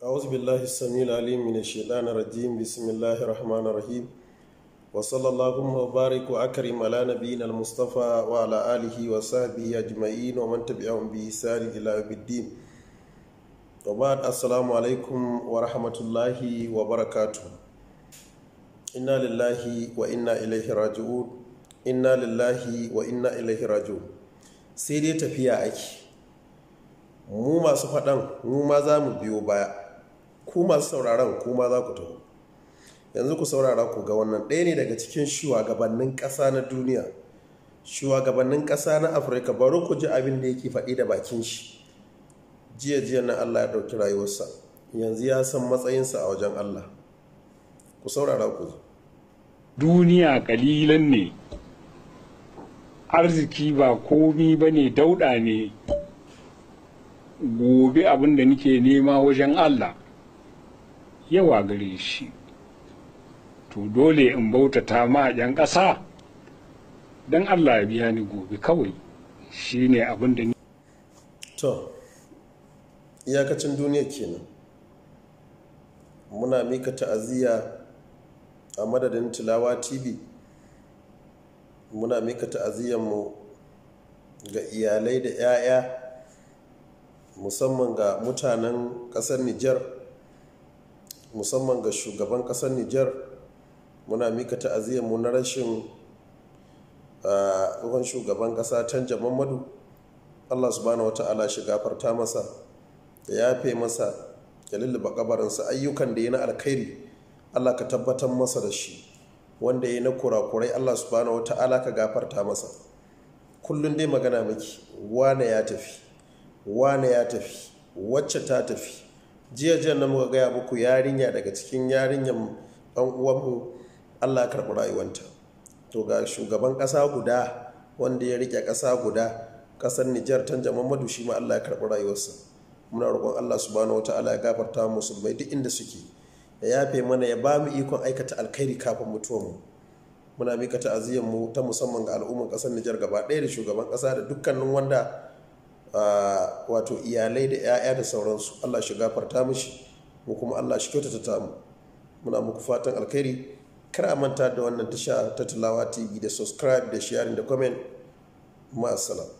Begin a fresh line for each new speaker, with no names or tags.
أعوذ بالله السميع العليم من الشيطان الرجيم بسم الله الرحمن الرحيم وصلى الله وبارك وأكرم على نبينا المصطفى وعلى آله وصحبه أجمعين ومن تبعهم بإحسان إلى يوم الدين وبعد السلام عليكم ورحمة الله وبركاته إنا لله وإنا إليه راجعون إنا لله وإنا إليه راجعون سيدي تفيا أكي mu masu faɗan mu ma za mu biyo baya ku masu sauraron kuma za ku taho yanzu ku saurara ku ga wannan ɗaya ne daga cikin shugabannin ƙasa na duniya shugabannin ƙasa na afirka bari ku ji abin da yake faɗi da bakin shi jiya jiya na allah ya ɗauki rayuwarsa yanzu ya san matsayinsa a wajen allah ku saurara ku ji
duniya kalilan ne arziki ba komi ba ne dauɗa ne gobe abin da nike nema wajen allah yawa gare shi to dole in bautata ma yan ƙasa don allah ya biya
ni gobe kawai shi ne abin da ni to iyakacin duniya kenan muna mika ta'aziyya a madadin tilawa tv muna mika mu ga iyalai da 'ya'ya musamman ga mutanen ƙasar nijar musamman ga shugaban kasar Niger muna mika mu na rashin tsohon shugaban ƙasa canja madu allah subhanahu wa ta'ala shi gafarta masa da yafe masa ya lullaba ayyukan da ya na alkhairi allah ka tabbatar masa da shi wanda ya na kurakurai allah subhanahu wa ta'ala ka gafarta masa kullum dai magana miki wane ya tafi wane ya tafi wacce ta tafi jiya jiya na muka gaya muku yarinya daga cikin yarinyan ɗan uwanmu allah karɓi rayuwanta to ga shugaban ƙasa guda wanda ya riƙe ƙasa guda ƙasar nijar tanja mamadu shi ma allah ya karɓi rayuwarsa muna roƙon allah subhanahu wata ala ya gafarta musulmai duk inda suke ya yafe mana ya ba mu ikon aikata alkhairi kafin mutuwar mu muna mika ta'aziyyar mu ta musamman ga al'umman ƙasar nijar gaba ɗaya da shugaban ƙasa da dukkanin wanda wato iyalai da 'ya'ya da sauransu allah shi gafarta mishi ko kuma allah shi kyautata ta mu muna muku fatan alkhairi kar a manta da wannan tasha ta tilawa tv da subscribe da sharing da comment ma'asalam